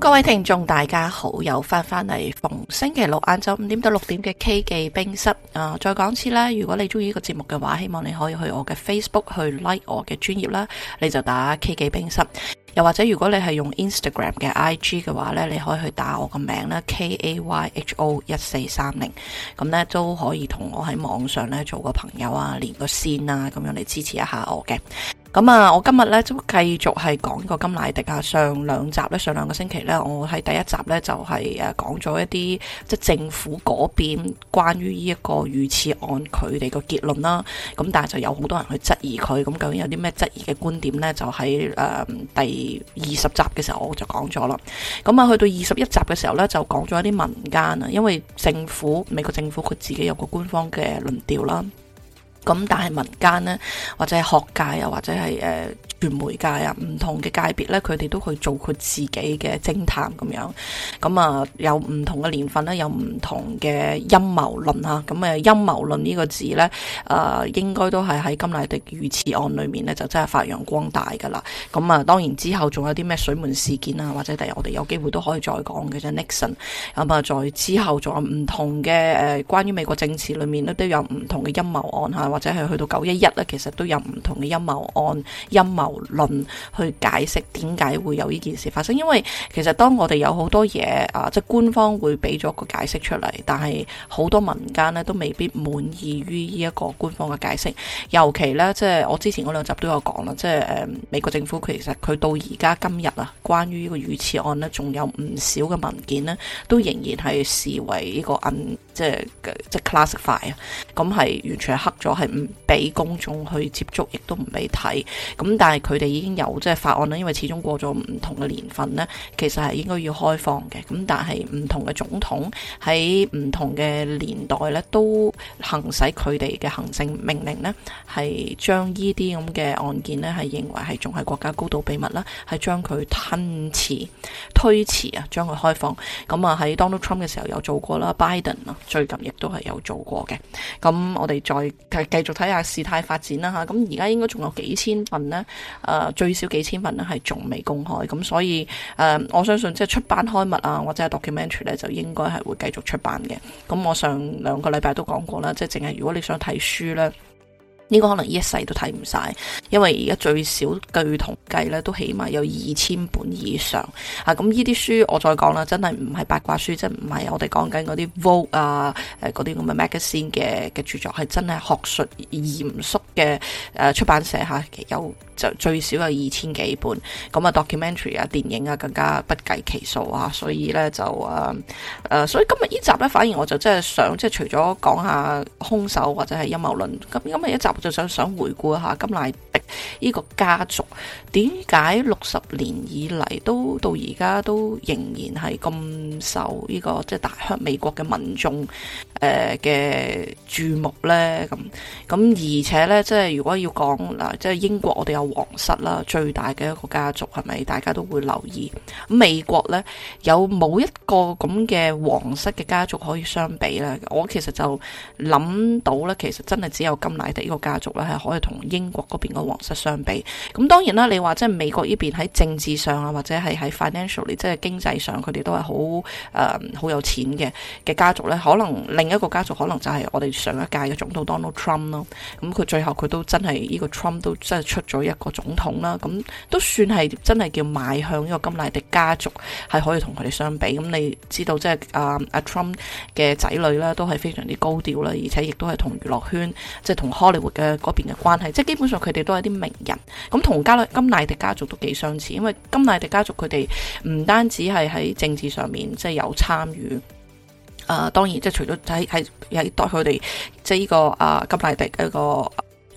各位聽眾大家好，又翻返嚟逢星期六晏晝五點到六點嘅 K 記冰室啊！呃，再講一次啦，如果你中意呢個節目嘅話，希望你可以去我嘅 Facebook 去 like 我嘅專業啦，你就打 K 記冰室。又或者如果你係用 Instagram 嘅 IG 嘅話呢，你可以去打我個名啦，KAYHO 一四三零，咁呢，都可以同我喺網上呢做個朋友啊，連個線啊，咁樣嚟支持一下我嘅。咁啊，我今日咧都繼續係講個甘迺迪啊。上兩集咧，上兩個星期咧，我喺第一集咧就係、是、誒講咗一啲即係政府嗰邊關於呢一個遇刺案佢哋個結論啦。咁但係就有好多人去質疑佢，咁究竟有啲咩質疑嘅觀點咧？就喺誒、嗯、第二十集嘅時候我就講咗啦。咁啊，去到二十一集嘅時候咧，就講咗一啲民間啊，因為政府美國政府佢自己有個官方嘅論調啦。咁但係民間呢，或者係學界啊，或者係誒、呃、傳媒界啊，唔同嘅界別呢，佢哋都去做佢自己嘅偵探咁樣。咁啊，有唔同嘅年份呢，有唔同嘅陰謀論啊。咁誒陰謀論呢個字呢，誒、呃、應該都係喺甘迺迪遇刺案裏面呢，就真係發揚光大㗎啦。咁啊，當然之後仲有啲咩水門事件啊，或者第日我哋有機會都可以再講嘅啫。Nixon 咁啊，再之後仲有唔同嘅誒，關於美國政治裏面呢，都有唔同嘅陰謀案嚇。或者係去到九一一咧，其實都有唔同嘅陰謀案、陰謀論去解釋點解會有呢件事發生。因為其實當我哋有好多嘢啊，即係官方會俾咗個解釋出嚟，但係好多民間咧都未必滿意於呢一個官方嘅解釋。尤其咧，即係我之前嗰兩集都有講啦，即係誒、嗯、美國政府其實佢到而家今日啊，關於這個呢個遇刺案咧，仲有唔少嘅文件咧，都仍然係視為呢個銀即係即係 classified 啊，咁係完全係黑咗。係唔俾公眾去接觸，亦都唔俾睇。咁但係佢哋已經有即係法案啦，因為始終過咗唔同嘅年份呢，其實係應該要開放嘅。咁但係唔同嘅總統喺唔同嘅年代呢，都行使佢哋嘅行政命令呢，係將呢啲咁嘅案件呢，係認為係仲係國家高度秘密啦，係將佢吞遲推遲啊，將佢開放。咁啊喺 Donald Trump 嘅時候有做過啦，Biden 啊最近亦都係有做過嘅。咁我哋再繼續。繼續睇下事態發展啦吓，咁而家應該仲有幾千份呢？誒、呃、最少幾千份呢？係仲未公開，咁所以誒、呃、我相信即係出版刊物啊或者係 documentary 咧就應該係會繼續出版嘅。咁我上兩個禮拜都講過啦，即係淨係如果你想睇書咧。呢、這個可能一世都睇唔晒，因為而家最少據統計咧，都起碼有二千本以上啊！咁呢啲書我再講啦，真係唔係八卦書，即係唔係我哋講緊嗰啲 Vogue 啊，誒嗰啲咁嘅 magazine 嘅嘅著作，係真係學術嚴肅嘅誒出版社嚇有。就最少有二千幾本，咁啊 documentary 啊電影啊更加不計其數啊，所以咧就誒誒、呃、所以今日呢集咧，反而我就真係想即係除咗講下凶手或者係陰謀論，咁今日一集就想想回顧一下甘迺迪呢個家族點解六十年以嚟都到而家都仍然係咁受呢、這個即係大亨美國嘅民眾誒嘅注目咧？咁咁而且咧，即係如果要講嗱，即係英國我哋有。皇室啦，最大嘅一個家族係咪？大家都會留意。美國呢，有冇一個咁嘅皇室嘅家族可以相比呢？我其實就諗到呢，其實真係只有甘迺迪個家族呢，係可以同英國嗰邊個皇室相比。咁當然啦，你話即係美國呢邊喺政治上啊，或者係喺 financial，即係經濟上，佢哋都係好誒好有錢嘅嘅家族呢。可能另一個家族可能就係我哋上一屆嘅總統 Donald Trump 咯。咁佢最後佢都真係呢、這個 Trump 都真係出咗一。個總統啦，咁都算係真係叫邁向呢個甘迺迪家族，係可以同佢哋相比。咁你知道、就是，即係啊阿 Trump 嘅仔女啦，都係非常之高調啦，而且亦都係同娛樂圈，即係同 Hollywood 嘅嗰邊嘅關係，即、就、係、是、基本上佢哋都係啲名人。咁同加咧甘迺迪家族都幾相似，因為甘迺迪家族佢哋唔單止係喺政治上面即係、就是、有參與，誒、呃、當然即係除咗喺喺喺代佢哋，即係呢個啊甘迺迪一個。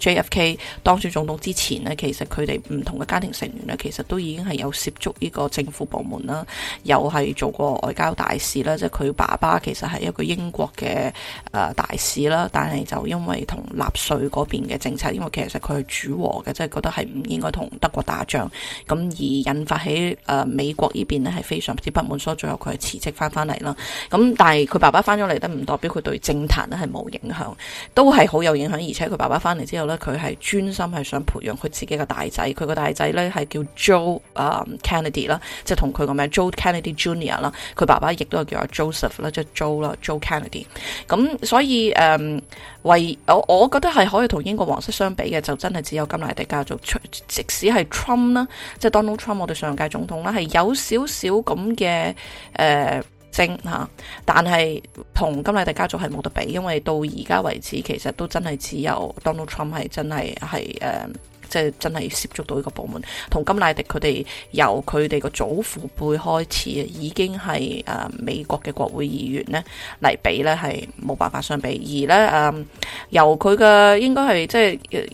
J.F.K. 當選總統之前呢，其實佢哋唔同嘅家庭成員呢，其實都已經係有涉足呢個政府部門啦，又係做過外交大使啦。即係佢爸爸其實係一個英國嘅大使啦，但係就因為同納粹嗰邊嘅政策，因為其實佢係主和嘅，即係覺得係唔應該同德國打仗，咁而引發喺美國呢邊呢，係非常之不滿，所以最後佢係辭職翻翻嚟啦。咁但係佢爸爸翻咗嚟，都唔代表佢對政壇呢係冇影響，都係好有影響。而且佢爸爸翻嚟之後呢佢係專心係想培養佢自己嘅大仔，佢個大仔咧係叫 Joe 啊 Kennedy 啦，即係同佢個名 Joe Kennedy Jr. 啦，佢爸爸亦都係叫阿 Joseph 啦，即係 Joe 啦，Joe Kennedy。咁所以誒、嗯，我我覺得係可以同英國皇室相比嘅，就真係只有甘迺迪家族，即使係 Trump 啦，即係 Donald Trump 我哋上屆總統啦，係有少少咁嘅誒。呃但係同甘迺迪家族係冇得比，因為到而家為止，其實都真係只有 Donald Trump 係真係係即係真係涉足到呢個部門，同甘迺迪佢哋由佢哋個祖父輩開始，已經係、呃、美國嘅國會議員呢嚟比呢係冇辦法相比。而呢，誒、呃、由佢嘅應該係即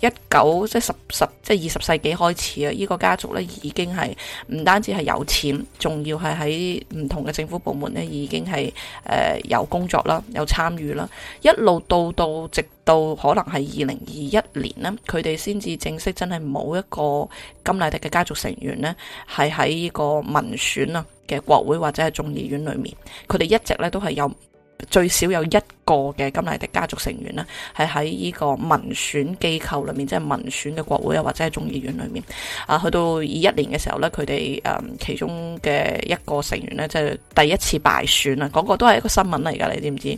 係一九即係十十即係二十世紀開始啊，呢、這個家族呢已經係唔單止係有錢，仲要係喺唔同嘅政府部門呢已經係誒有工作啦，有參與啦，一路到到直。到可能係二零二一年呢，佢哋先至正式真係冇一個甘迺迪嘅家族成員呢係喺呢個民選啊嘅國會或者係眾議院裏面，佢哋一直咧都係有最少有一個嘅甘迺迪家族成員呢係喺呢個民選機構裏面，即係民選嘅國會又或者係眾議院裏面啊。去到二一年嘅時候呢，佢哋誒其中嘅一個成員呢，即係第一次敗選啊，嗰個都係一個新聞嚟噶，你知唔知？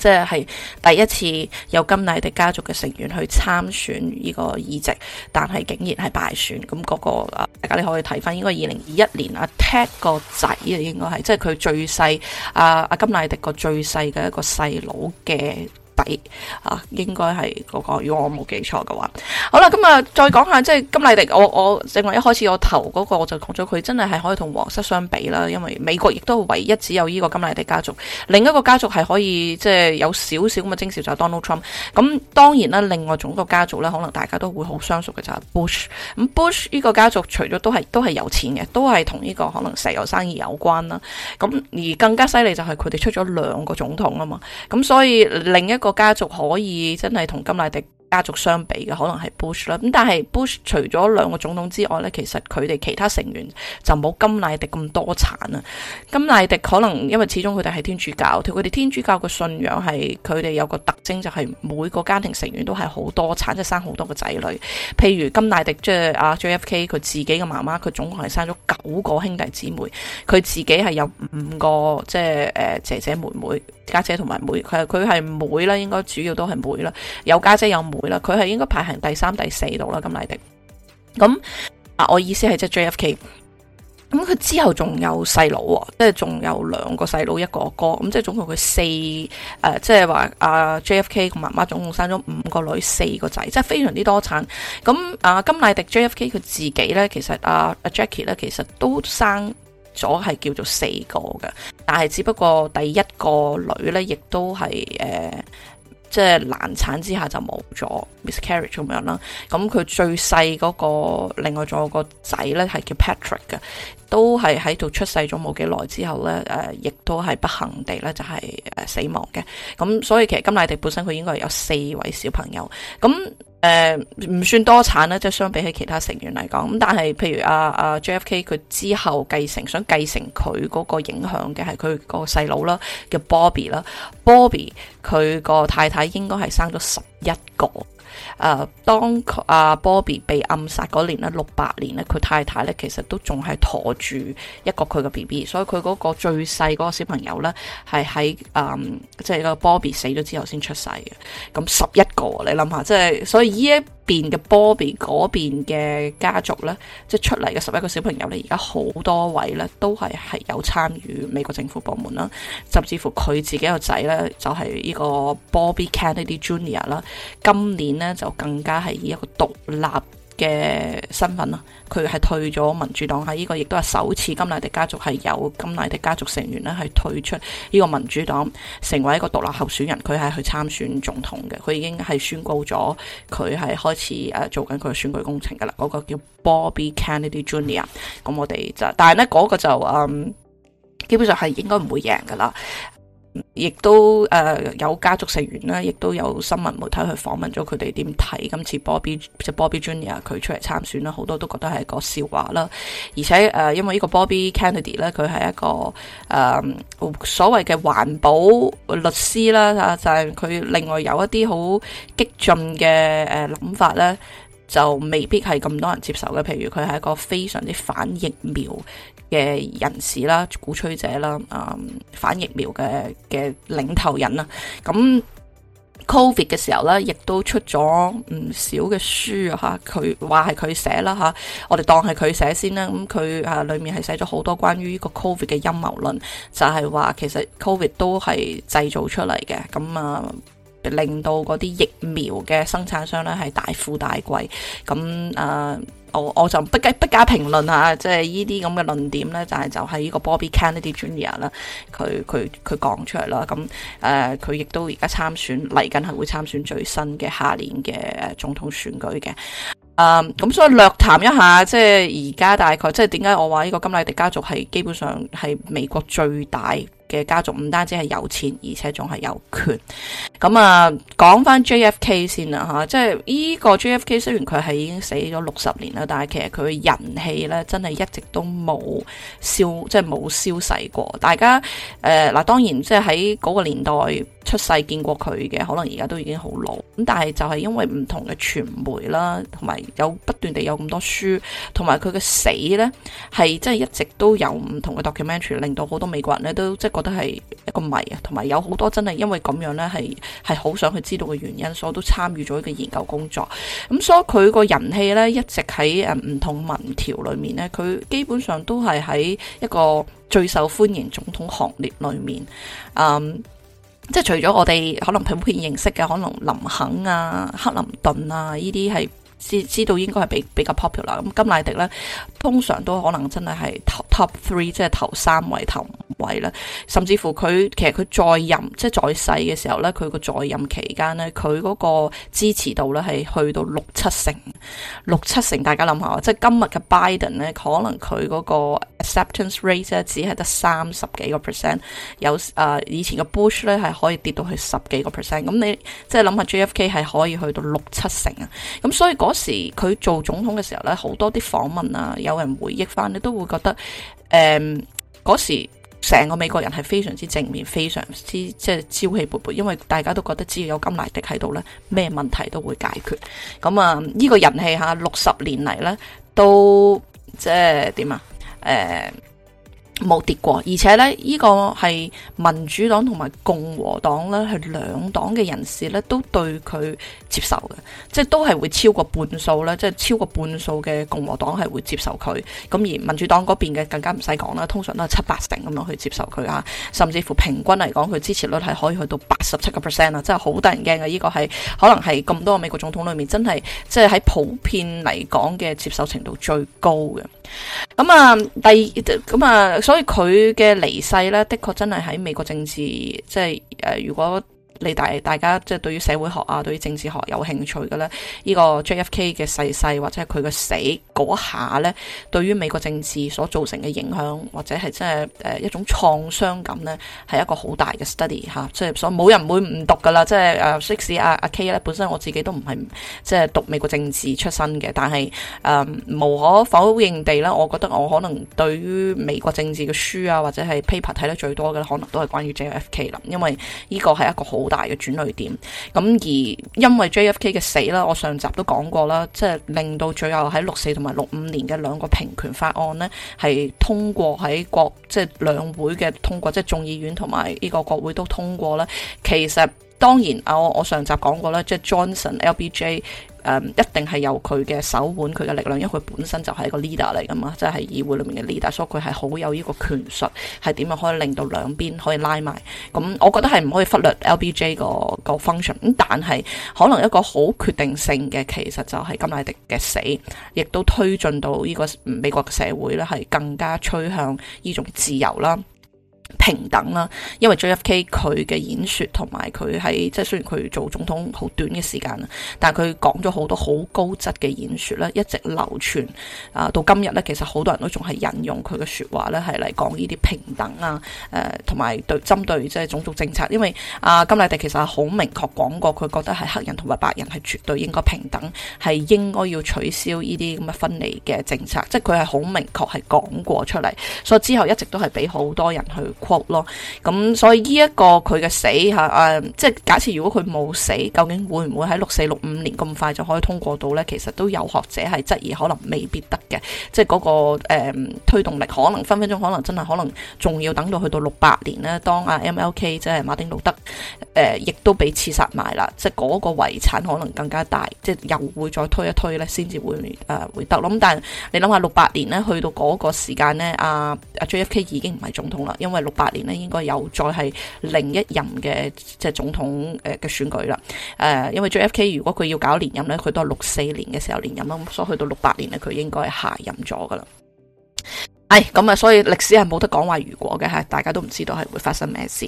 即係第一次有金乃迪家族嘅成員去參選呢個議席，但係竟然係敗選。咁嗰、那個啊，大家你可以睇翻，應該二零二一年阿 t e d 個仔啊，應該係即係佢最細啊，阿金乃迪個最細嘅一個細佬嘅。比啊，應該係嗰個，如果我冇記錯嘅話，好啦，咁、嗯、啊，再講下，即、就、係、是、甘迺迪，我我正話一開始我頭嗰、那個，我就講咗佢真係係可以同皇室相比啦，因為美國亦都唯一只有呢個甘迺迪家族，另一個家族係可以即係、就是、有少少咁嘅徵兆就係、是、Donald Trump，咁、嗯、當然啦，另外仲一個家族咧，可能大家都會好相熟嘅就係、是、Bush，咁、嗯、Bush 呢個家族除咗都係都係有錢嘅，都係同呢個可能石油生意有關啦，咁、嗯、而更加犀利就係佢哋出咗兩個總統啊嘛，咁、嗯、所以另一個。家族可以真係同甘迺迪。家族相比嘅可能係 Bush 啦，咁但係 Bush 除咗兩個總統之外咧，其實佢哋其他成員就冇甘迺迪咁多產啊。甘迺迪可能因為始終佢哋係天主教，佢哋天主教嘅信仰係佢哋有個特徵就係、是、每個家庭成員都係好多產，即、就、係、是、生好多個仔女。譬如甘迺迪即係阿 JFK 佢自己嘅媽媽，佢總共係生咗九個兄弟姊妹，佢自己係有五個即係誒、呃、姐姐妹妹、家姐同埋妹，佢佢係妹啦，應該主要都係妹啦，有家姐，姐有妹。佢係應該排行第三、第四度啦，甘迺迪。咁啊，我意思係即係 J.F.K。咁佢之後仲有細佬，即係仲有兩個細佬，一個哥，哥。咁即係總共佢四誒、呃，即係話阿 J.F.K 個媽媽總共生咗五個女，四個仔，即係非常之多產。咁啊、呃，甘迺迪 J.F.K 佢自己咧，其實阿、呃、Jackie 咧，其實都生咗係叫做四個嘅，但係只不過第一個女咧，亦都係誒。呃即係難產之下就冇咗 miscarriage 咁樣啦，咁佢最細嗰、那個，另外仲有個仔咧係叫 Patrick 嘅，都係喺度出世咗冇幾耐之後咧，亦、呃、都係不幸地咧就係、是、死亡嘅，咁所以其實甘迺迪本身佢應該有四位小朋友，咁。誒、呃，唔算多產啦，即係相比起其他成員嚟講，咁但係譬如啊，啊 J F K 佢之後繼承，想繼承佢嗰個影響嘅係佢個細佬啦，叫 Bobby 啦，Bobby 佢個太太應該係生咗十一個。誒，當阿 Bobby 被暗殺嗰年咧，六八年咧，佢太太咧其實都仲係馱住一個佢嘅 B B，所以佢嗰個最細嗰個小朋友呢，係喺誒，即係個 Bobby 死咗之後先出世嘅。咁十一個，你諗下，即係所以呢一邊嘅 Bobby 嗰邊嘅家族呢，即係出嚟嘅十一個小朋友呢，而家好多位呢，都係係有參與美國政府部門啦，甚至乎佢自己個仔呢，就係呢個 Bobby Kennedy Junior 啦，今年。咧就更加係以一個獨立嘅身份啦，佢係退咗民主黨喺呢個，亦都係首次甘迺迪家族係有甘迺迪家族成員咧係退出呢個民主黨，成為一個獨立候選人，佢係去參選總統嘅，佢已經係宣告咗佢係開始誒做緊佢嘅選舉工程噶啦，嗰個叫 Bobby Kennedy Junior，咁我哋就，但係呢，嗰個就嗯，基本上係應該唔會贏噶啦。亦都誒有家族成員啦，亦都有新聞媒體去訪問咗佢哋點睇今次 Bobby 即 Bobby Junior 佢出嚟參選啦，好多都覺得係一個笑話啦。而且誒，因為呢個 Bobby Kennedy 咧，佢係一個誒、嗯、所謂嘅環保律師啦，啊，就係佢另外有一啲好激進嘅諗法咧。就未必係咁多人接受嘅，譬如佢係一個非常之反疫苗嘅人士啦、鼓吹者啦、啊、嗯、反疫苗嘅嘅領頭人啦。咁 Covid 嘅時候咧，亦都出咗唔少嘅書吓，佢話係佢寫啦吓、啊，我哋當係佢寫先啦。咁佢啊裏面係寫咗好多關於呢個 Covid 嘅陰謀論，就係、是、話其實 Covid 都係製造出嚟嘅。咁啊。令到嗰啲疫苗嘅生產商咧係大富大貴，咁誒，我我就不加不加評論下，即係呢啲咁嘅論點咧，就係就係呢個 Bobby Kennedy Jr. 啦，佢佢佢講出嚟啦，咁誒，佢亦都而家參選，嚟緊係會參選最新嘅下年嘅總統選舉嘅，誒，咁所以略談一下，即係而家大概，即係點解我話呢個甘迺迪家族係基本上係美國最大嘅家族唔單止係有錢，而且仲係有權。咁啊，講翻 JFK 先啦吓，即係呢個 JFK 雖然佢係已經死咗六十年啦，但係其實佢嘅人氣咧真係一直都冇消，即係冇消逝過。大家誒嗱、呃，當然即係喺嗰個年代出世見過佢嘅，可能而家都已經好老。咁但係就係因為唔同嘅傳媒啦，同埋有不斷地有咁多書，同埋佢嘅死咧係真係一直都有唔同嘅 documentary，令到好多美國人咧都即係。都係一個謎啊，同埋有好多真係因為咁樣呢，係係好想去知道嘅原因，所以都參與咗一個研究工作。咁所以佢個人氣呢，一直喺誒唔同民調裏面咧，佢基本上都係喺一個最受歡迎總統行列裏面。誒、嗯，即係除咗我哋可能普遍認識嘅，可能林肯啊、克林頓啊呢啲係。知知道應該係比比較 popular，咁甘迺迪咧，通常都可能真係係 top three，即係頭三位、頭五位啦，甚至乎佢其實佢在任即係在世嘅時候咧，佢個在任期間咧，佢嗰個支持度咧係去到六七成，六七成大家諗下，即係今日嘅 Biden 咧，可能佢嗰個 acceptance rate 咧只係得三十幾個 percent，有誒、呃、以前嘅 Bush 咧係可以跌到去十幾個 percent，咁你即係諗下 JFK 係可以去到六七成啊，咁所以嗰嗰時佢做總統嘅時候咧，好多啲訪問啊，有人回憶翻你都會覺得，誒、嗯，嗰時成個美國人係非常之正面，非常之即係朝氣勃勃，因為大家都覺得只要有甘迺迪喺度咧，咩問題都會解決。咁、嗯、啊、呢、這個人氣吓六十年嚟呢都即係點啊？誒。嗯冇跌過，而且咧，呢個係民主黨同埋共和黨咧，係兩黨嘅人士咧都對佢接受嘅，即係都係會超過半數咧，即係超過半數嘅共和黨係會接受佢，咁而民主黨嗰邊嘅更加唔使講啦，通常都係七八成咁樣去接受佢啊，甚至乎平均嚟講，佢支持率係可以去到八十七個 percent 啊，真係好得人驚嘅，呢個係可能係咁多美國總統裏面真係即係喺普遍嚟講嘅接受程度最高嘅。咁、嗯、啊，第二咁啊、嗯嗯嗯，所以佢嘅離世呢，的確真係喺美國政治，即係誒、呃，如果。你大大家即係對於社會學啊，對於政治學有興趣嘅咧，呢、這個 JFK 嘅逝世，世或者係佢嘅死嗰下咧，對於美國政治所造成嘅影響，或者係真係誒、呃、一種創傷感咧，係一個好大嘅 study 吓、啊，即係所以冇人會唔讀噶啦，即係、uh, six 阿、啊、阿 K 咧本身我自己都唔係，即係讀美國政治出身嘅，但係誒、um, 無可否認地咧，我覺得我可能對於美國政治嘅書啊或者係 paper 睇得最多嘅可能都係關於 JFK 啦，因為呢個係一個好。大嘅轉捩點，咁而因為 JFK 嘅死啦，我上集都講過啦，即係令到最後喺六四同埋六五年嘅兩個平權法案呢，係通過喺國即係兩會嘅通過，即係眾議院同埋呢個國會都通過咧。其實當然啊，我我上集講過啦，即係 Johnson、LBJ。誒，一定係由佢嘅手腕，佢嘅力量，因為佢本身就係一個 leader 嚟噶嘛，即係議會裏面嘅 leader，所以佢係好有呢個權術，係點樣可以令到兩邊可以拉埋。咁我覺得係唔可以忽略 LBJ 個個 function。咁但係可能一個好決定性嘅，其實就係甘迺迪嘅死，亦都推進到呢個美國嘅社會咧，係更加趨向呢種自由啦。平等啦，因為 J.F.K. 佢嘅演說同埋佢喺即係雖然佢做總統好短嘅時間，但係佢講咗好多好高質嘅演說咧，一直流傳啊到今日咧，其實好多人都仲係引用佢嘅說話咧，係嚟講呢啲平等啊，誒同埋對針對即係、就是、種族政策，因為啊甘迺迪其實好明確講過，佢覺得係黑人同埋白人係絕對應該平等，係應該要取消呢啲咁嘅分離嘅政策，即係佢係好明確係講過出嚟，所以之後一直都係俾好多人去。咯、嗯，咁所以呢一個佢嘅死吓，誒、啊，即係假設如果佢冇死，究竟會唔會喺六四六五年咁快就可以通過到呢？其實都有學者係質疑，可能未必得嘅，即係、那、嗰個誒、嗯、推動力可能分分鐘可能真係可能仲要等到去到六八年呢。當阿 M.L.K. 即係馬丁路德誒，亦、呃、都被刺殺埋啦，即係嗰個遺產可能更加大，即係又會再推一推呢，先、呃、至會誒會得。咁但係你諗下六八年呢，去到嗰個時間呢，阿、啊、阿 J.F.K. 已經唔係總統啦，因為六。八年咧，應該有再係另一任嘅，即係總統誒嘅選舉啦。誒，因為 J F K 如果佢要搞連任呢，佢都係六四年嘅時候連任啦。咁所以去到六八年呢，佢應該係卸任咗噶啦。唉，咁啊，所以歷史係冇得講話如果嘅吓，大家都唔知道係會發生咩事。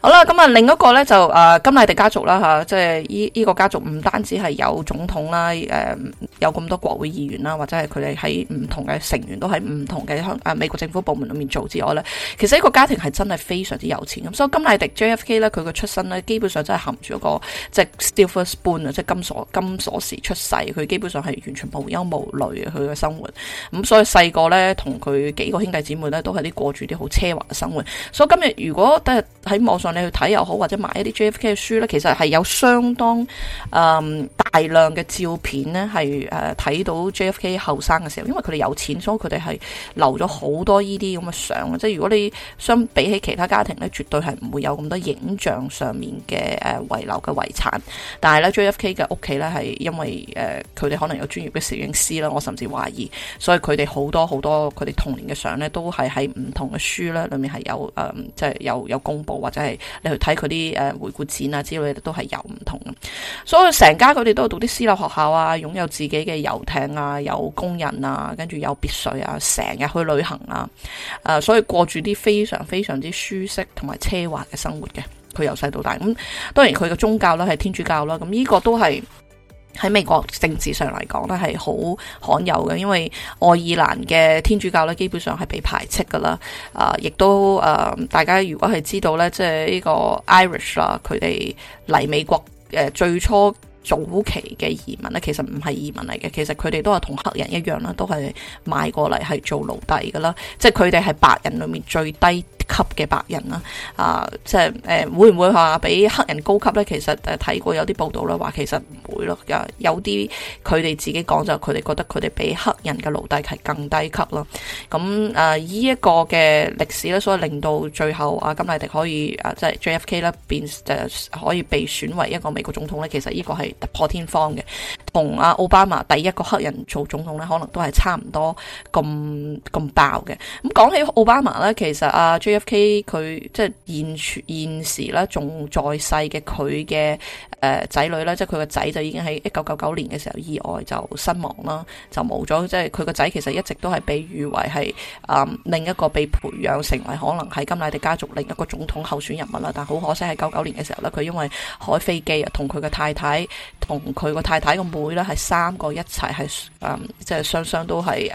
好啦，咁啊，另一個咧就，誒，甘迺迪家族啦吓，即係依依個家族唔單止係有總統啦，誒，有咁多國會議員啦，或者係佢哋喺唔同嘅成員都喺唔同嘅香誒美國政府部門裏面做之外咧，其實呢個家庭係真係非常之有錢。咁所以甘迺迪 J.F.K. 咧，佢嘅出身咧，基本上真係含住一個即係 Stefan Spoon 啊，即係金鎖金鎖匙出世，佢基本上係完全無憂無慮啊，佢嘅生活。咁所以細個咧，同佢幾個兄弟姊妹咧，都係啲過住啲好奢華嘅生活。所以今日如果第日喺網，上你去睇又好，或者買一啲 JFK 嘅書咧，其實係有相當誒、嗯、大量嘅照片咧，係誒睇到 JFK 後生嘅時候，因為佢哋有錢，所以佢哋係留咗好多呢啲咁嘅相啊！即係如果你相比起其他家庭咧，絕對係唔會有咁多影像上面嘅、呃、遺留嘅遺產。但係咧，JFK 嘅屋企咧係因為誒佢哋可能有專業嘅攝影師啦，我甚至懷疑，所以佢哋好多好多佢哋童年嘅相咧，都係喺唔同嘅書咧裏面係有誒即係有有公布或者。係你去睇佢啲誒回顧展啊之類都係有唔同，所以成家佢哋都讀啲私立學校啊，擁有自己嘅遊艇啊，有工人啊，跟住有別墅啊，成日去旅行啊，誒，所以過住啲非常非常之舒適同埋奢華嘅生活嘅，佢由細到大咁，當然佢嘅宗教啦係天主教啦，咁、這、呢個都係。喺美國政治上嚟講咧，係好罕有嘅，因為愛爾蘭嘅天主教咧，基本上係被排斥㗎啦。啊、呃，亦都啊、呃，大家如果係知道咧，即係呢個 Irish 啦，佢哋嚟美國誒、呃、最初早期嘅移民咧，其實唔係移民嚟嘅，其實佢哋都係同黑人一樣啦，都係買過嚟係做奴隸㗎啦，即係佢哋係白人裏面最低。級嘅白人啦，啊，即係誒，會唔會話比黑人高級呢？其實誒睇，啊、過有啲報道咧，話其實唔會咯，有啲佢哋自己講就佢哋覺得佢哋比黑人嘅奴隸係更低級咯。咁、啊、誒、依、啊、一、這個嘅歷史咧，所以令到最後阿、啊、甘迺迪可以誒、啊、即係 JFK 咧、啊、變誒可以被選為一個美國總統呢。其實呢個係突破天荒嘅，同阿、啊、奧巴馬第一個黑人做總統呢，可能都係差唔多咁咁爆嘅。咁、啊、講起奧巴馬呢，其實阿、啊 F.K. 佢即係現現時咧，仲在世嘅佢嘅誒仔女咧，即係佢個仔就已經喺一九九九年嘅時候意外就身亡啦，就冇咗。即係佢個仔其實一直都係被譽為係啊、嗯、另一個被培養成為可能係甘迺迪家族另一個總統候選人物啦，但好可惜喺九九年嘅時候咧，佢因為開飛機啊，同佢嘅太太同佢個太太個妹咧係三個一齊係、嗯、啊，即係雙雙都係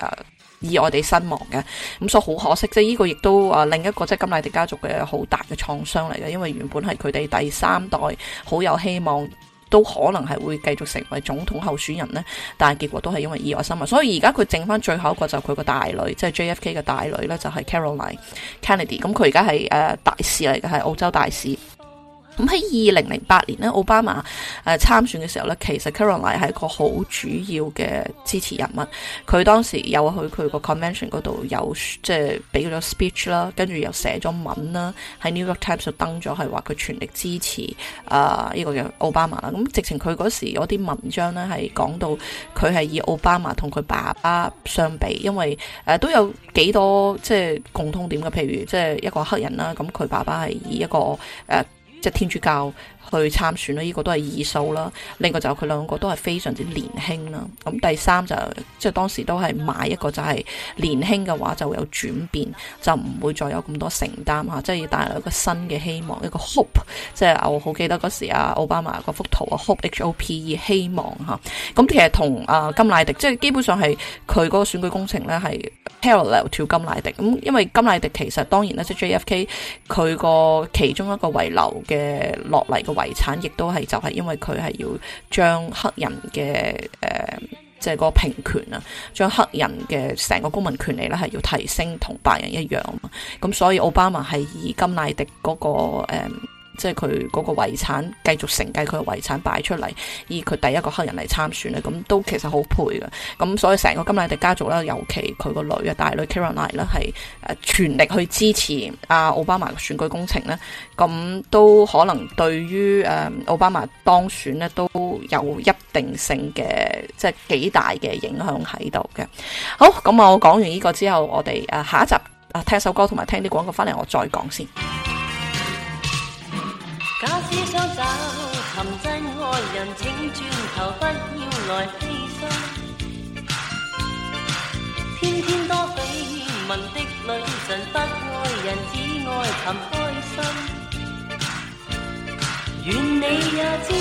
意外地身亡嘅，咁所以好可惜，即係呢個亦都啊、呃、另一個即係、就是、甘迺迪家族嘅好大嘅創傷嚟嘅，因為原本係佢哋第三代好有希望，都可能係會繼續成為總統候選人呢。但係結果都係因為意外身亡，所以而家佢剩翻最後一個就係佢個大女，即、就、係、是、JFK 嘅大女呢，就係 Caroline Kennedy，咁佢而家係誒大使嚟嘅，係澳洲大使。咁喺二零零八年咧，奧巴馬誒、呃、參選嘅時候咧，其實 Caroline 係一個好主要嘅支持人物。佢當時又去有去佢個 convention 嗰度，有即係俾咗 speech 啦，跟住又寫咗文啦，喺 New York Times 就登咗，係話佢全力支持啊呢、呃這個嘅奧巴馬啦。咁、嗯、直情佢嗰時嗰啲文章咧，係講到佢係以奧巴馬同佢爸爸相比，因為誒、呃、都有幾多即係共通點嘅，譬如即係一個黑人啦，咁佢爸爸係以一個誒，呃即天主教。去參選咧，呢、這個都係二數啦。另外就佢兩個都係非常之年輕啦。咁第三就是、即係當時都係買一個就係年輕嘅話就會有轉變，就唔會再有咁多承擔嚇。即係要帶來一個新嘅希望，一個 hope。即係我好記得嗰時阿奧巴馬嗰幅圖啊，hope，h o p e，希望嚇。咁其實同啊甘迺迪即係基本上係佢嗰個選舉工程咧係 parallel 跳甘迺迪。咁因為甘迺迪其實當然呢，即係 J F K 佢個其中一個遺留嘅落嚟遺產亦都係就係因為佢係要將黑人嘅誒，即、呃、係、就是、個平權啊，將黑人嘅成個公民權利咧係要提升同白人一樣，咁所以奧巴馬係以甘迺迪嗰、那個、呃即係佢嗰個遺產繼續承繼佢嘅遺產擺出嚟，以佢第一個黑人嚟參選咧，咁都其實好配㗎。咁所以成個甘迺迪家族啦，尤其佢個女啊，大女 Caroline 咧，係誒全力去支持阿奧巴馬嘅選舉工程呢，咁都可能對於誒奧巴馬當選咧，都有一定性嘅，即係幾大嘅影響喺度嘅。好，咁我講完呢個之後，我哋誒下一集啊聽首歌同埋聽啲廣告翻嚟，回來我再講先。請轉頭，不要來欺身。天天多緋聞的女神，不愛人，只愛尋開心。願你也知，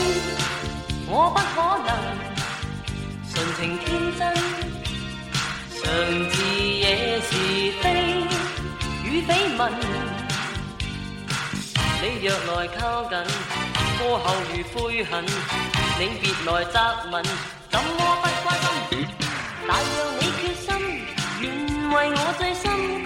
我不可能純情天真，常自惹是非與緋聞。你若來靠近，過後如悔恨。你別來責問，怎麼不關心？但讓你決心，願為我醉心。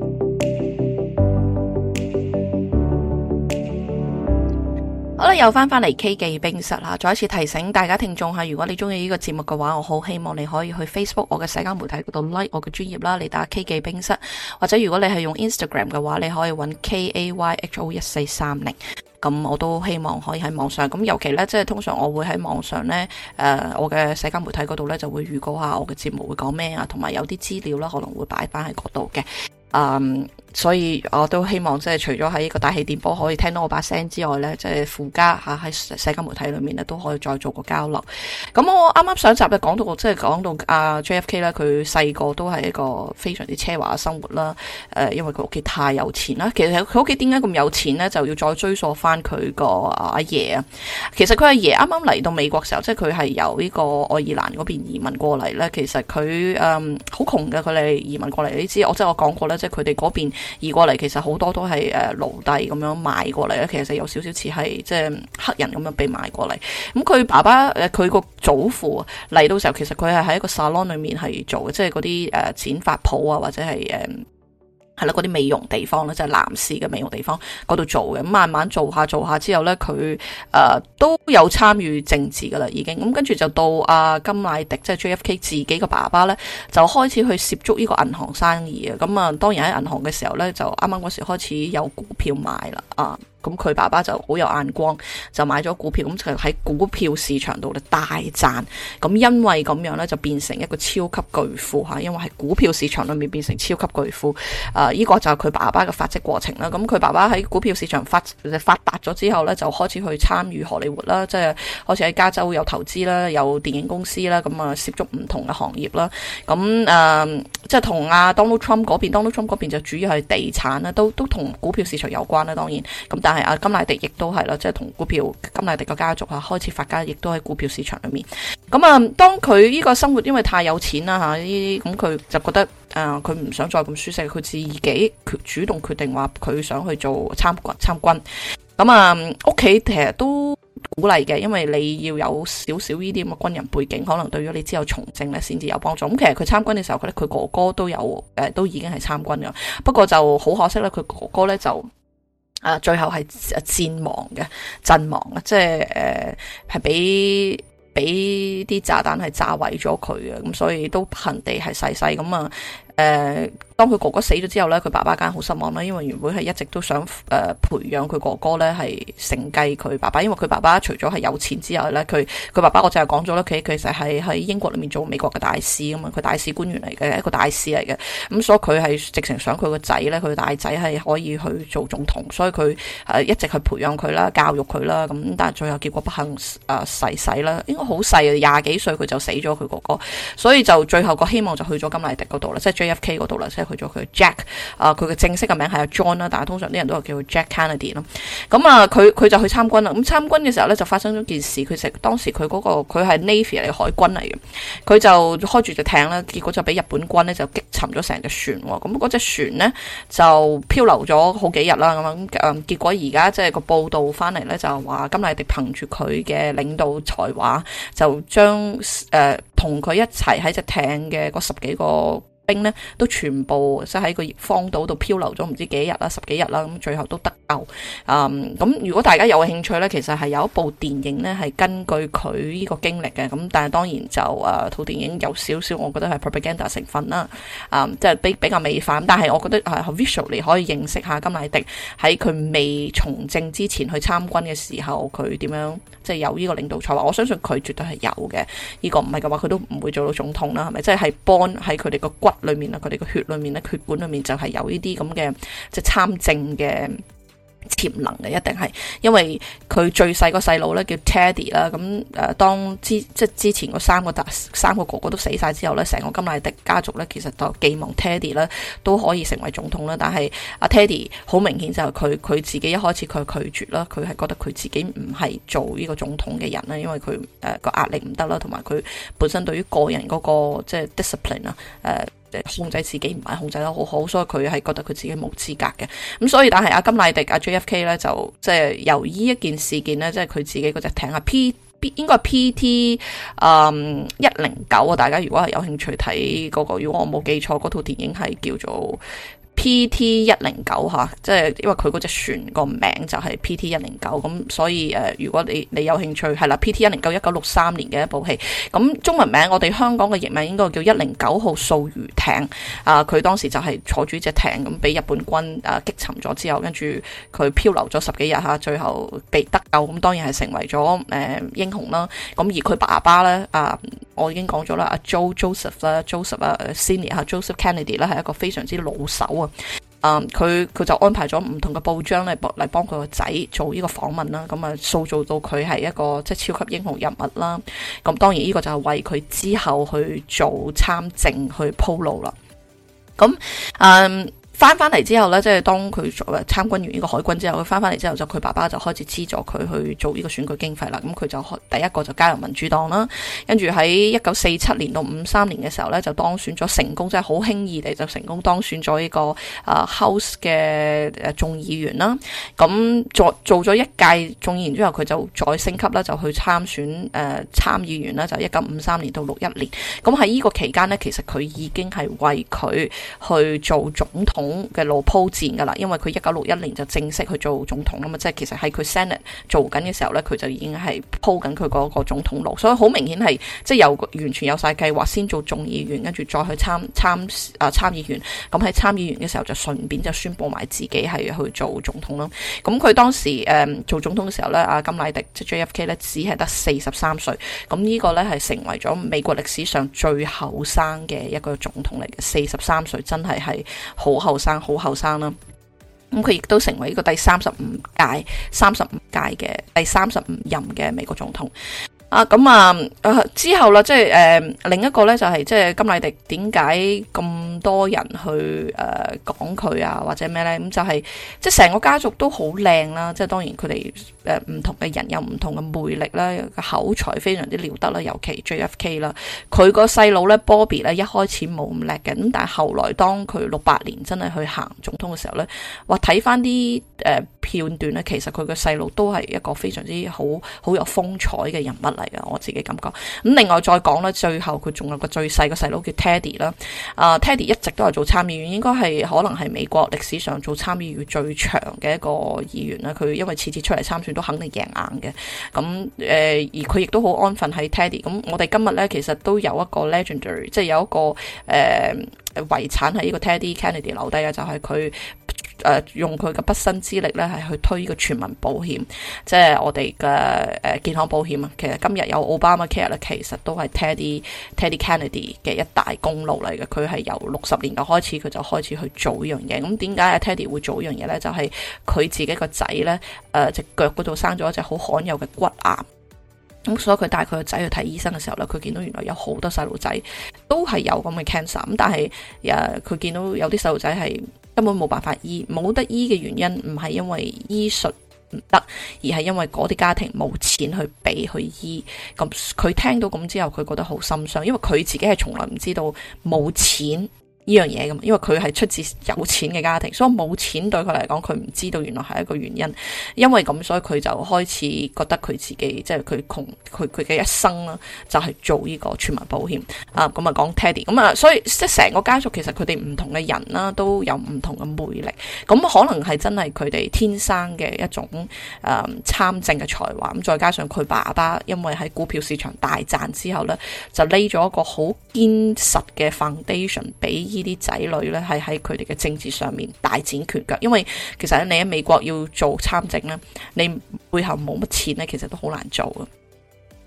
又翻返嚟 K 記冰室啦，再一次提醒大家聽眾下，如果你中意呢個節目嘅話，我好希望你可以去 Facebook 我嘅社交媒體嗰度 like 我嘅專業啦，嚟打 K 記冰室，或者如果你係用 Instagram 嘅話，你可以揾 KAYHO 一四三零，咁我都希望可以喺網上，咁尤其呢，即係通常我會喺網上呢，誒、呃，我嘅社交媒體嗰度呢，就會預告下我嘅節目會講咩啊，同埋有啲資料啦，可能會擺翻喺嗰度嘅，嗯。所以我都希望，即係除咗喺個大氣電波可以聽到我把聲之外呢，即係附加嚇喺社交媒體裏面呢，都可以再做個交流。咁我啱啱上集就講到，即係講到阿 JFK 咧，佢細個都係一個非常之奢華嘅生活啦。誒、呃，因為佢屋企太有錢啦。其實佢屋企點解咁有錢呢？就要再追溯翻佢個阿爺啊爺。其實佢阿爺啱啱嚟到美國時候，即係佢係由呢個愛爾蘭嗰邊移民過嚟呢。其實佢嗯好窮嘅，佢哋移民過嚟。你知我即係、就是、我講過呢，即係佢哋嗰邊。就是移過嚟其實好多都係誒奴隸咁樣賣過嚟咧，其實有少少似係即係黑人咁樣被賣過嚟。咁佢爸爸誒佢個祖父嚟到時候，其實佢係喺一個 salon 裏面係做嘅，即係嗰啲誒剪髮鋪啊，或者係誒係啦嗰啲美容地方咧，即係男士嘅美容地方嗰度做嘅。咁慢慢做下做下之後咧，佢誒、呃、都。有參與政治噶啦，已經咁跟住就到啊甘迺迪，即係 JFK 自己嘅爸爸呢，就開始去涉足呢個銀行生意啊！咁啊，當然喺銀行嘅時候呢，就啱啱嗰時開始有股票買啦啊！咁佢爸爸就好有眼光，就買咗股票，咁就喺股票市場度大賺。咁因為咁樣呢，就變成一個超級巨富吓，因為係股票市場裏面變成超級巨富。誒、啊，呢個就係佢爸爸嘅發跡過程啦。咁佢爸爸喺股票市場發發達咗之後呢，就開始去參與荷里活啦。即係，好似喺加州有投資啦，有電影公司啦，咁啊，涉足唔同嘅行業啦。咁誒、嗯，即係同阿 Donald Trump 嗰邊，Donald Trump 嗰邊就主要係地產啦，都都同股票市場有關啦。當然，咁但係阿甘迺迪亦都係啦，即係同股票甘迺迪個家族啊開始發家，亦都喺股票市場裏面。咁啊，當佢呢個生活因為太有錢啦吓，呢啲咁佢就覺得誒，佢、呃、唔想再咁舒適，佢自己主動決定話佢想去做參軍，參軍。咁啊，屋、嗯、企其實都。鼓勵嘅，因為你要有少少呢啲咁嘅軍人背景，可能對於你之後從政咧，先至有幫助。咁其實佢參軍嘅時候，佢得佢哥哥都有誒，都已經係參軍嘅。不過就好可惜咧，佢哥哥咧就、啊、最後係戰亡嘅，陣亡啦，即係誒係俾俾啲炸彈係炸毀咗佢嘅，咁所以都不幸地係逝世咁啊。誒、呃，當佢哥哥死咗之後咧，佢爸爸梗係好失望啦，因為原本係一直都想誒、呃、培養佢哥哥咧，係承繼佢爸爸。因為佢爸爸除咗係有錢之外咧，佢佢爸爸我就係講咗啦，佢其實係喺英國裏面做美國嘅大使咁啊，佢大使官員嚟嘅一個大使嚟嘅，咁、嗯、所以佢係直情想佢個仔咧，佢大仔係可以去做總統，所以佢誒、呃、一直去培養佢啦，教育佢啦，咁但係最後結果不幸誒逝世啦，應該好細啊，廿幾歲佢就死咗佢哥哥，所以就最後個希望就去咗甘迺迪嗰度啦，即係最。JFK 嗰度啦，即係去咗佢 Jack 啊，佢嘅正式嘅名係阿 John 啦，但係通常啲人都係叫做 Jack Kennedy 咯。咁啊，佢佢就去參軍啦。咁參軍嘅時候咧，就發生咗件事。佢成當時佢嗰個佢係 Navy 嚟，海軍嚟嘅。佢就開住隻艇啦，結果就俾日本軍咧就擊沉咗成隻船。咁嗰隻船咧就漂流咗好幾日啦。咁樣誒，結果而家即係個報道翻嚟咧，就係話甘迺迪憑住佢嘅領導才華，就將誒同佢一齊喺隻艇嘅嗰十幾個。兵咧都全部即喺個荒島度漂流咗唔知幾日啦，十幾日啦，咁最後都得救。嗯，咁如果大家有興趣呢，其實係有一部電影呢，係根據佢呢個經歷嘅，咁但係當然就誒套、啊、電影有少少，我覺得係 propaganda 成分啦。嗯，即、就、係、是、比比較美化，但係我覺得係 visually 可以認識下甘迺迪喺佢未從政之前去參軍嘅時候，佢點樣即係、就是、有呢個領導才華。我相信佢絕對係有嘅。呢、這個唔係嘅話，佢都唔會做到總統啦，係咪？即係係幫喺佢哋個骨，裏面咧，佢哋個血裏面咧，血管裏面就係有呢啲咁嘅即係參政嘅潛能嘅，一定係，因為佢最細個細佬咧叫 Teddy 啦、啊，咁誒當之即係之前個三個大三個哥哥都死晒之後咧，成個甘迺迪家族咧其實就寄望 Teddy 啦都可以成為總統啦，但係阿 Teddy 好明顯就係佢佢自己一開始佢拒絕啦，佢係覺得佢自己唔係做呢個總統嘅人啦，因為佢誒個壓力唔得啦，同埋佢本身對於個人嗰、那個即係、就是、discipline 啊，誒。控制自己唔係控制得好好，所以佢係覺得佢自己冇資格嘅。咁所以但係阿甘迺迪阿、 啊、J F K 呢，就即係由呢一件事件呢，即係佢自己嗰隻艇啊 P B 應該係 P T 嗯一零九啊，大家如果係有興趣睇，嗰、嗰個，如果我冇記錯，嗰套電影係叫做。P.T. 一零九吓，即係因為佢嗰隻船個名就係 P.T. 一零九，咁所以誒如果你你有興趣係啦，P.T. 一零九一九六三年嘅一部戲。咁中文名我哋香港嘅譯名應該叫一零九號掃魚艇啊！佢當時就係坐住隻艇咁，俾日本軍啊擊沉咗之後跟住佢漂流咗十幾日吓、啊、最後被得救，咁當然係成為咗誒、啊、英雄啦。咁、啊、而佢爸爸咧啊，我已經講咗啦，阿 Joe Joseph 啦，Joseph 啊，Joseph, 啊 Senior、啊、Joseph Kennedy 啦、啊，係一個非常之老手啊！嗯，佢佢就安排咗唔同嘅報章嚟幫嚟幫佢個仔做呢個訪問啦，咁啊塑造到佢係一個即係、就是、超級英雄人物啦，咁當然呢個就係為佢之後去做參政去鋪路啦，咁嗯。翻翻嚟之後呢，即係當佢參誒參軍完呢個海軍之後，佢翻翻嚟之後就佢爸爸就開始資助佢去做呢個選舉經費啦。咁佢就第一個就加入民主黨啦，跟住喺一九四七年到五三年嘅時候呢，就當選咗成功，即係好輕易地就成功當選咗呢個誒 House 嘅誒眾議員啦。咁做做咗一屆眾議員之後，佢就再升級啦，就去參選誒參議員啦，就一九五三年到六一年。咁喺呢個期間呢，其實佢已經係為佢去做總統。嘅路鋪展噶啦，因為佢一九六一年就正式去做總統啦嘛，即係其實喺佢 Senate 做緊嘅時候呢佢就已經係鋪緊佢嗰個總統路，所以好明顯係即係有完全有晒計劃，先做眾議員，跟住再去參參啊參議員，咁喺參議員嘅時候就順便就宣布埋自己係去做總統啦。咁佢當時誒、呃、做總統嘅時候呢，阿甘迺迪即係 JFK 呢，只係得四十三歲，咁呢個呢，係成為咗美國歷史上最後生嘅一個總統嚟嘅，四十三歲真係係好後。後生好後生啦，咁佢亦都成為一個第三十五屆、三十五屆嘅第三十五任嘅美國總統。啊咁啊，誒，之後啦，即係誒另一個咧，就係，就係即係甘迺迪點解咁多人去誒講佢啊，或者咩咧？咁就係即係成個家族都好靚啦，即係當然佢哋誒唔同嘅人有唔同嘅魅力啦，個口才非常之了得啦，尤其 J.F.K. 啦，佢個細佬咧 Bobby 咧，一開始冇咁叻嘅，咁但係後來當佢六八年真係去行總統嘅時候咧，話睇翻啲誒片段咧，其實佢個細佬都係一個非常之好好有風采嘅人物啦。係啊，我自己感覺咁。另外再講咧，最後佢仲有個最細個細佬叫 Teddy 啦。啊，Teddy 一直都係做參議員，應該係可能係美國歷史上做參議員最長嘅一個議員啦。佢因為次次出嚟參選都肯定贏硬嘅。咁誒、呃，而佢亦都好安分喺 Teddy。咁我哋今日咧，其實都有一個 legendary，即係有一個誒遺、呃、產喺呢個 Teddy Kennedy 留低嘅，就係、是、佢。誒、呃、用佢嘅畢生之力咧，係去推呢個全民保險，即係我哋嘅誒健康保險啊。其實今日有奧巴馬 care 咧，其實都係 Teddy Teddy Kennedy 嘅一大功勞嚟嘅。佢係由六十年代開始，佢就開始去做呢樣嘢。咁點解阿 Teddy 會做一呢樣嘢咧？就係、是、佢自己個仔咧，誒、呃、隻腳嗰度生咗一隻好罕有嘅骨癌。咁所以佢帶佢個仔去睇醫生嘅時候咧，佢見到原來有好多細路仔都係有咁嘅 cancer。咁但係誒，佢、呃、見到有啲細路仔係。根本冇辦法醫，冇得醫嘅原因唔係因為醫術唔得，而係因為嗰啲家庭冇錢去俾去醫。咁佢聽到咁之後，佢覺得好心傷，因為佢自己係從來唔知道冇錢。呢樣嘢噶嘛，因為佢係出自有錢嘅家庭，所以冇錢對佢嚟講，佢唔知道原來係一個原因。因為咁，所以佢就開始覺得佢自己即係佢窮，佢佢嘅一生啦，就係做呢個全民保險啊。咁、嗯、啊，講 Teddy，咁啊、嗯，所以即係成個家族，其實佢哋唔同嘅人啦，都有唔同嘅魅力。咁、嗯、可能係真係佢哋天生嘅一種誒、嗯、參政嘅才華。咁再加上佢爸爸因為喺股票市場大賺之後咧，就匿咗一個好堅實嘅 foundation 俾。呢啲仔女呢，係喺佢哋嘅政治上面大展拳腳，因為其實你喺美國要做參政呢， 你背後冇乜錢呢，其實都好難做啊。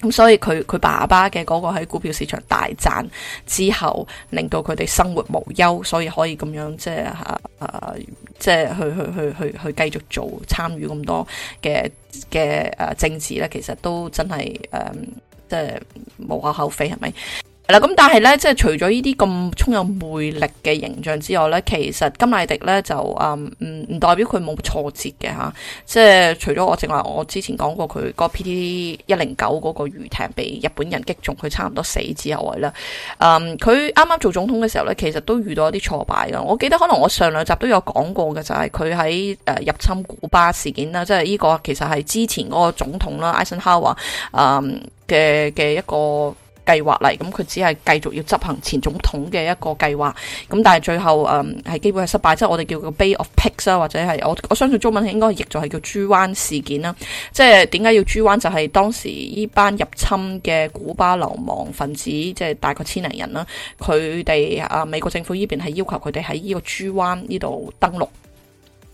咁所以佢佢爸爸嘅嗰個喺股票市場大賺之後，令到佢哋生活無憂，所以可以咁樣即係啊啊，即係去去去去繼續做參與咁多嘅嘅誒政治呢，其實都真係誒，即係無可厚非，係咪？係、嗯、啦，咁但係咧，即係除咗呢啲咁充滿魅力嘅形象之外咧，其實甘迺迪咧就嗯唔唔代表佢冇挫折嘅，吓，即係除咗我正話我之前講過佢、嗰個 P T 一零九嗰個魚艇被日本人擊中佢差唔多死之外咧，嗯佢啱啱做總統嘅時候咧，其實都遇到一啲挫敗啦。我記得可能我上兩集都有講過嘅就係佢喺誒入侵古巴事件啦，即係呢個其實係之前嗰個總統啦，艾森豪華嘅嘅一個。計劃嚟咁，佢只係繼續要執行前總統嘅一個計劃。咁但係最後誒係、嗯、基本係失敗，即係我哋叫個 Bay of Pigs 啊，或者係我我相信中文應該亦就係叫珠灣事件啦。即係點解要珠灣？就係、是、當時呢班入侵嘅古巴流亡分子，即係大概千零人啦。佢哋啊美國政府呢邊係要求佢哋喺呢個珠灣呢度登陸，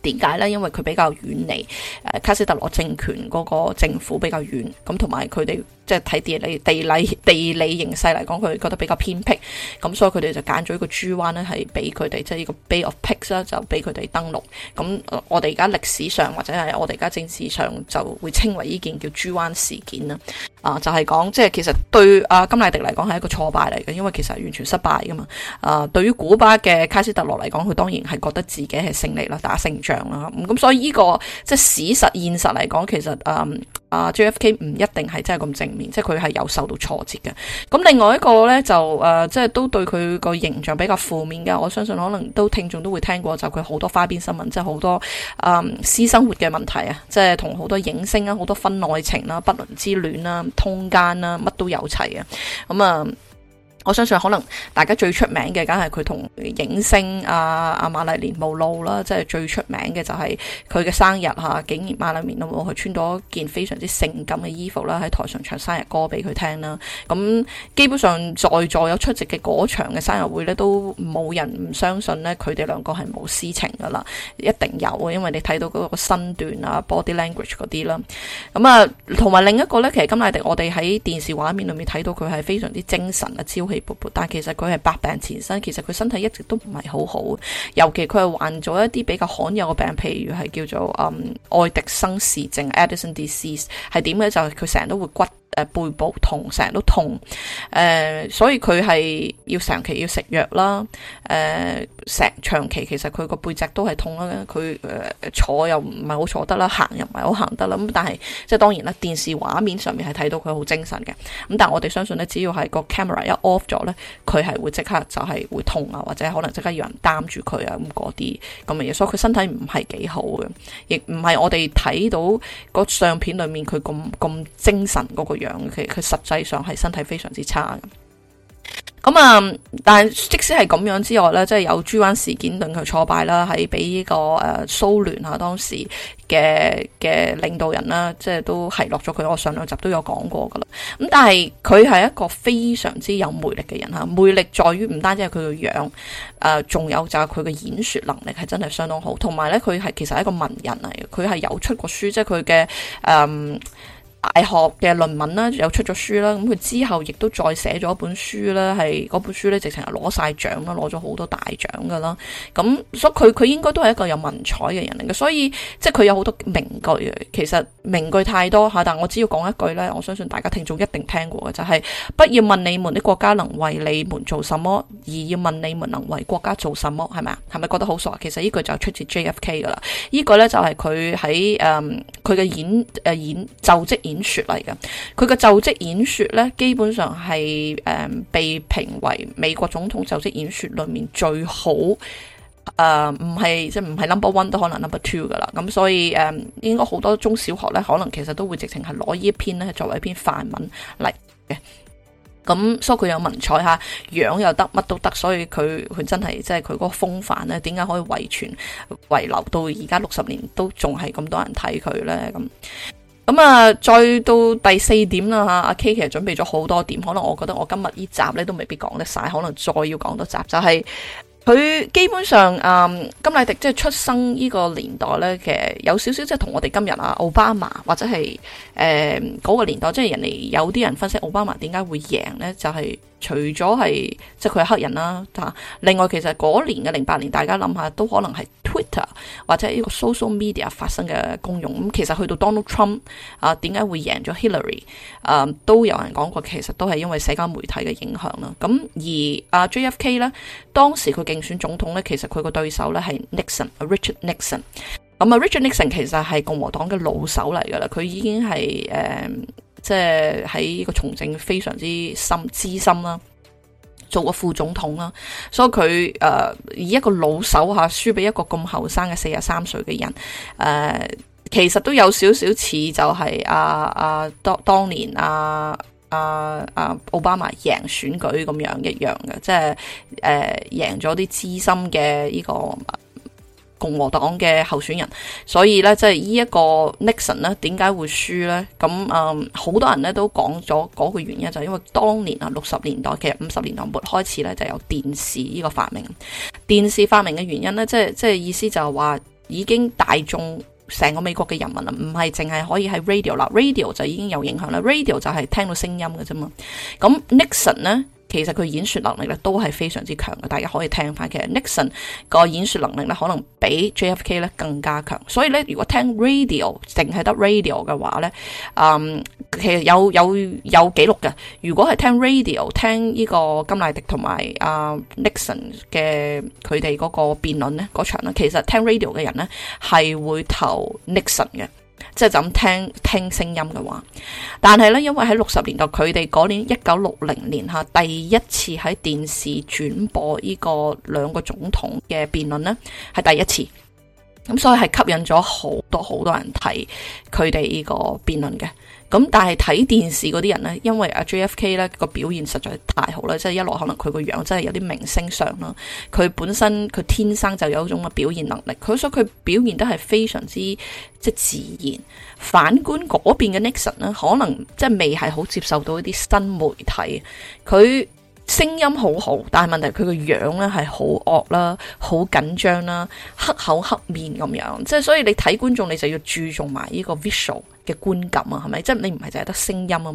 點解呢？因為佢比較遠離、啊、卡斯特羅政權嗰個政府比較遠。咁同埋佢哋。即係睇地理、地理、地理形勢嚟講，佢覺得比較偏僻，咁所以佢哋就揀咗一個豬灣咧，係俾佢哋即係呢個 Bay of Pigs 啦，就俾佢哋登陸，咁我哋而家歷史上，或者係我哋而家政治上就會稱為呢件叫豬灣事件啦。啊，就係、是、講即係其實對阿甘迺迪嚟講係一個挫敗嚟嘅，因為其實完全失敗噶嘛。啊，對於古巴嘅卡斯特洛嚟講，佢當然係覺得自己係勝利啦，打勝仗啦。咁所以呢、這個即係史實、現實嚟講，其實、嗯啊、uh,，J F K 唔一定係真係咁正面，即係佢係有受到挫折嘅。咁另外一個呢，就誒，uh, 即係都對佢個形象比較負面嘅。我相信可能都聽眾都會聽過，就佢好多花邊新聞，即係好多誒、um, 私生活嘅問題啊，即係同好多影星啦、好多婚外情啦、不倫之戀啦、通姦啦，乜都有齊啊。咁啊。Uh, 我相信可能大家最出名嘅，梗係佢同影星啊啊馬麗蓮夢露啦，即係最出名嘅就係佢嘅生日吓、啊，竟然馬麗蓮都冇佢穿咗一件非常之性感嘅衣服啦，喺台上唱生日歌俾佢聽啦。咁基本上在座有出席嘅嗰場嘅生日會咧，都冇人唔相信咧，佢哋兩個係冇私情噶啦，一定有啊，因為你睇到嗰個身段啊，body language 嗰啲啦。咁啊，同埋另一個咧，其實甘迺迪我哋喺電視畫面裏面睇到佢係非常之精神啊，朝。但其實佢係百病纏身，其實佢身體一直都唔係好好，尤其佢係患咗一啲比較罕有嘅病，譬如係叫做嗯愛迪生氏症 （Addison Disease），係點咧，就係佢成日都會骨。誒、呃，背部痛成都痛，誒、呃，所以佢係要長期要食藥啦，誒、呃，成長期其實佢個背脊都係痛啦，佢誒、呃、坐又唔係好坐得啦，行又唔係好行得啦，咁但係即係當然啦，電視畫面上面係睇到佢好精神嘅，咁但係我哋相信咧，只要係個 camera 一 off 咗咧，佢係會即刻就係會痛啊，或者可能即刻有人擔住佢啊咁啲咁嘅嘢，所以佢身體唔係幾好嘅，亦唔係我哋睇到個相片裏面佢咁咁精神嗰，那個。樣，其實佢實際上係身體非常之差咁啊，嗯，但係即使係咁樣之外呢，即係有豬灣事件令佢挫敗啦，係俾呢個誒、呃、蘇聯啊當時嘅嘅領導人啦，即係都奚落咗佢。我上兩集都有講過噶啦。咁、嗯、但係佢係一個非常之有魅力嘅人吓，魅力在於唔單止係佢嘅樣，誒、呃，仲有就係佢嘅演說能力係真係相當好。同埋呢，佢係其實一個文人嚟，佢係有出過書，即係佢嘅誒。嗯大學嘅論文啦，又出咗書啦，咁佢之後亦都再寫咗一本書啦，係嗰本書咧，直情攞晒獎啦，攞咗好多大獎噶啦。咁所以佢佢應該都係一個有文采嘅人嚟嘅，所以即係佢有好多名句，其實名句太多，但我只要講一句呢，我相信大家聽眾一定聽過嘅就係、是：不要問你們啲國家能為你們做什麼，而要問你們能為國家做什麼，係咪啊？係咪覺得好傻？其實呢句就出自 J.F.K. 噶啦，呢句呢，就係佢喺誒佢嘅演演就職演演說嚟嘅，佢嘅就職演說呢，基本上係誒、嗯、被評為美國總統就職演說裏面最好，誒唔係即係唔係 number one 都可能 number two 噶啦，咁所以誒、嗯、應該好多中小學呢，可能其實都會直情係攞呢一篇咧作為一篇範文嚟嘅。咁所以佢有文采吓，樣又得，乜都得，所以佢佢真係即係佢嗰個風範呢，點解可以遺傳遺留到而家六十年都仲係咁多人睇佢呢？咁？咁、嗯、啊，再到第四點啦吓，阿 K 其實準備咗好多點，可能我覺得我今日呢集咧都未必講得晒，可能再要講多集。就係、是、佢基本上，嗯，甘迺迪即係出生呢個年代咧，其實有少少即係同我哋今日啊奧巴馬或者係誒嗰個年代，即、就、係、是、人哋有啲人分析奧巴馬點解會贏咧，就係、是。除咗係即係佢係黑人啦、啊，另外其實嗰年嘅零八年，大家諗下都可能係 Twitter 或者呢個 social media 發生嘅功用。咁、嗯、其實去到 Donald Trump 啊，點解會贏咗 Hillary？啊，都有人講過其實都係因為社交媒體嘅影響啦。咁、啊、而啊 JFK 呢，當時佢競選總統呢，其實佢個對手呢係 Nixon，Richard Nixon, Richard Nixon、啊。咁啊 Richard Nixon 其實係共和黨嘅老手嚟噶啦，佢已經係即係喺呢個從政非常之深資深啦，做過副總統啦，所以佢誒、呃、以一個老手下輸俾一個咁後生嘅四十三歲嘅人，誒、呃、其實都有少少似就係阿當當年阿、啊啊啊、奧巴馬贏選，選舉咁樣一樣嘅，即係誒、呃、贏咗啲資深嘅呢、這個。共和黨嘅候選人，所以咧即係呢一個 Nixon 呢點解會輸呢？咁嗯，好多人咧都講咗嗰個原因就係因為當年啊六十年代其實五十年代末開始咧就有電視呢個發明，電視發明嘅原因呢，即係即係意思就係話已經大眾成個美國嘅人民啦，唔係淨係可以喺 radio 啦，radio 就已經有影響啦，radio 就係聽到聲音嘅啫嘛。咁 Nixon 呢？其實佢演說能力咧都係非常之強嘅，大家可以聽翻。其實 Nixon 個演說能力咧可能比 J.F.K. 咧更加強，所以咧如果聽 radio 淨係得 radio 嘅話咧，嗯，其實有有有記錄嘅。如果係聽 radio 聽呢個甘迺迪同埋阿 Nixon 嘅佢哋嗰個辯論咧嗰場咧，其實聽 radio 嘅人咧係會投 Nixon 嘅。即係就咁、是、聽聽聲音嘅話，但係呢，因為喺六十年代，佢哋嗰年一九六零年嚇第一次喺電視轉播呢個兩個總統嘅辯論呢，係第一次。咁所以係吸引咗好多好多人睇佢哋呢個辯論嘅，咁但係睇電視嗰啲人呢，因為阿 J F K 呢個表現實在太好啦，即係一來可能佢個樣真係有啲明星相啦，佢本身佢天生就有一種嘅表現能力，佢所以佢表現得係非常之即係自然。反觀嗰邊嘅 Nixon 呢，可能即係未係好接受到一啲新媒體，佢。聲音好好，但係問題佢個樣咧係好惡啦、好緊張啦、黑口黑面咁樣，即係所以你睇觀眾，你就要注重埋呢個 visual。嘅觀感啊，係咪？即係你唔係淨係得聲音啊嘛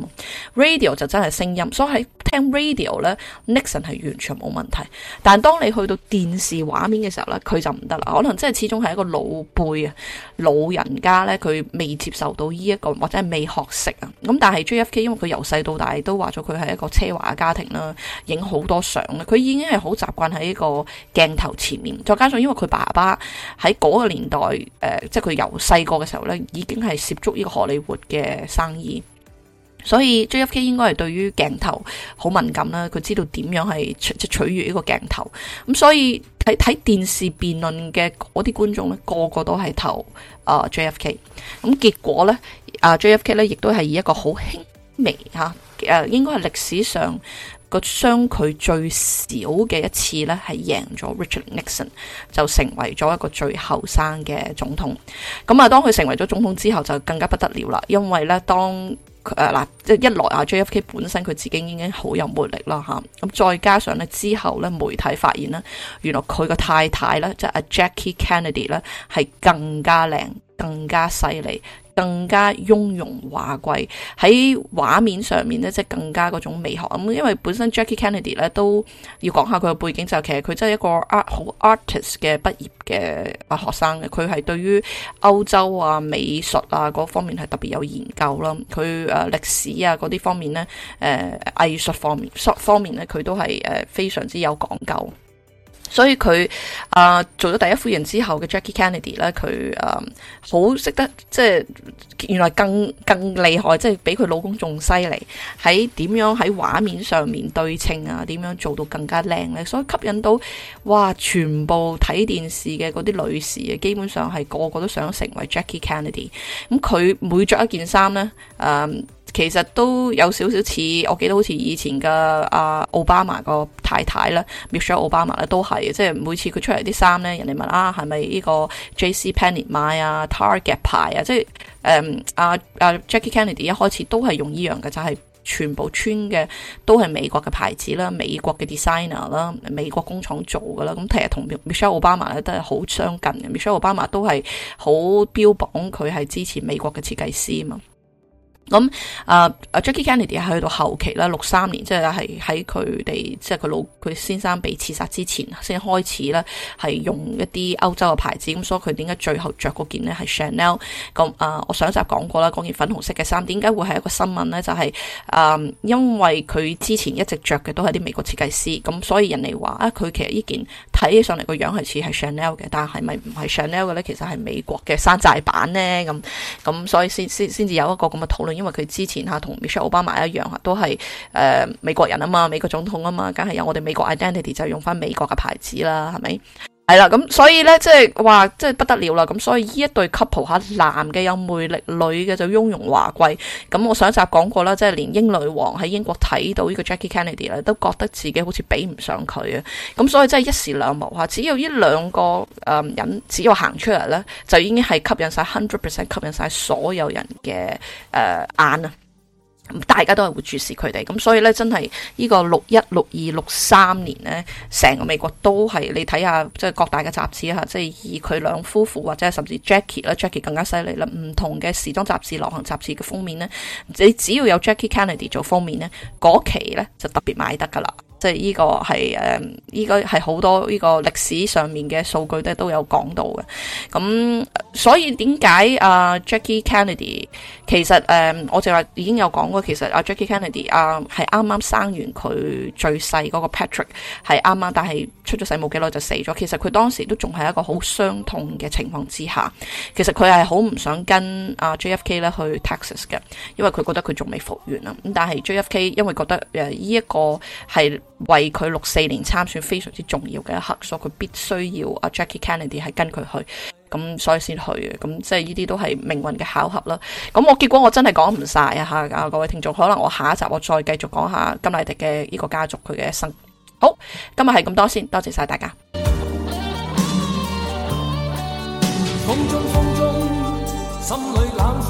？Radio 就真係聲音，所以喺聽 radio 咧，Nixon 係完全冇問題。但當你去到電視畫面嘅時候咧，佢就唔得啦。可能真係始終係一個老輩啊，老人家咧，佢未接受到呢一個或者係未學識啊。咁但係 JFK 因為佢由細到大都話咗佢係一個奢華嘅家庭啦，影好多相啦，佢已經係好習慣喺呢個鏡頭前面。再加上因為佢爸爸喺嗰個年代，呃、即係佢由細個嘅時候咧，已經係涉足呢個。荷里活嘅生意，所以 J F K 應該係對於鏡頭好敏感啦，佢知道點樣係即取悦呢個鏡頭，咁所以睇睇電視辯論嘅嗰啲觀眾咧，個個都係投啊、呃、J F K，咁結果咧啊、呃、J F K 咧亦都係以一個好輕微吓誒、啊，應該係歷史上。個相距最少嘅一次呢，係贏咗 Richard Nixon，就成為咗一個最後生嘅總統。咁啊，當佢成為咗總統之後，就更加不得了啦。因為呢，當誒嗱，即係一來啊 JFK 本身佢自己已經好有魅力啦吓，咁再加上呢，之後呢，媒體發現呢，原來佢個太太呢，即係阿 Jackie Kennedy 呢，係更加靚、更加犀利。更加雍容華貴，喺畫面上面咧，即係更加嗰種美學咁。因為本身 Jackie Kennedy 咧，都要講下佢嘅背景，就係、其實佢真係一個好 art, artist 嘅畢業嘅啊學生嘅。佢係對於歐洲啊、美術啊嗰方面係特別有研究啦。佢啊歷史啊嗰啲方面咧，誒藝術方面方方面咧，佢都係誒非常之有講究。所以佢啊、呃、做咗第一夫人之後嘅 Jackie Kennedy 咧，佢啊好識得即係原來更更厲害，即係比佢老公仲犀利喺點樣喺畫面上面對稱啊，點樣做到更加靚咧？所以吸引到哇，全部睇電視嘅嗰啲女士啊，基本上係個個都想成為 Jackie Kennedy。咁佢每着一件衫咧，誒、呃。其實都有少少似，我記得好似以前嘅阿奧巴馬個太太啦，Michelle 奧巴馬咧都係即係每次佢出嚟啲衫咧，人哋問啊，係咪呢個 J.C.Penney 買啊，Target 牌、嗯、啊，即係誒啊阿 Jackie Kennedy 一開始都係用呢樣嘅，就係、是、全部穿嘅都係美國嘅牌子啦，美國嘅 designer 啦，美國工廠做噶啦，咁其實同 Michelle 奧巴馬咧都係好相近嘅，Michelle a 巴 a 都係好標榜佢係支持美國嘅設計師啊嘛。咁啊、uh, Jackie Kennedy 係去到後期啦，六三年即係係喺佢哋即係佢老佢先生被刺殺之前先開始咧，係用一啲歐洲嘅牌子。咁所以佢點解最後着嗰件咧係 Chanel？咁啊，uh, 我上一集講過啦，件粉紅色嘅衫，點解會係一個新聞咧？就係、是、誒、uh, 因為佢之前一直着嘅都係啲美國設計師，咁所以人哋話啊，佢其實呢件睇起上嚟個樣係似係 Chanel 嘅，但係咪唔係 Chanel 嘅咧？其實係美國嘅山寨版咧。咁咁所以先先先至有一個咁嘅討論。因為佢之前嚇同 Michelle Obama 一樣都係、呃、美國人啊嘛，美國總統啊嘛，梗係有我哋美國 identity 就用返美國嘅牌子啦，係咪？係啦，咁、 嗯、所以呢，即係話，即係不得了啦。咁、嗯、所以呢一對 couple 吓，男嘅有魅力，女嘅就雍容華貴。咁、嗯、我上一集講過啦，即係連英女王喺英國睇到呢個 Jackie Kennedy 咧，都覺得自己好似比唔上佢啊。咁、嗯、所以真係一時兩無吓，只要呢兩個誒人，只要行出嚟呢，就已經係吸引晒 hundred percent，吸引晒所有人嘅誒、呃、眼啊！大家都係會注視佢哋，咁所以呢，真係呢個六一、六二、六三年呢，成個美國都係你睇下，即係各大嘅雜誌啊，即係以佢兩夫婦或者係甚至 Jackie 啦，Jackie 更加犀利啦，唔同嘅時裝雜誌、流行雜誌嘅封面呢，你只要有 Jackie Kennedy 做封面呢，嗰期呢就特別買得噶啦。即係呢個係誒，呢個係好多呢個歷史上面嘅數據咧都有講到嘅。咁所以點解啊 Jackie Kennedy？其實誒，我就話已經有講過，其實阿 Jackie Kennedy 啊，係啱啱生完佢最細嗰個 Patrick，係啱啱，但係出咗世冇幾耐就死咗。其實佢當時都仲係一個好傷痛嘅情況之下，其實佢係好唔想跟阿 JFK 咧去 Texas 嘅，因為佢覺得佢仲未復原啊。咁但係 JFK 因為覺得呢一個係為佢六四年參選非常之重要嘅一刻，所以佢必須要阿 Jackie Kennedy 係跟佢去。咁所以先去嘅，咁即係呢啲都係命運嘅巧合啦。咁我結果我真係講唔晒啊吓！各位聽眾，可能我下一集我再繼續講下甘迺迪嘅呢個家族佢嘅一生。好，今日係咁多先，多謝晒大家。風中風中，心裡冷風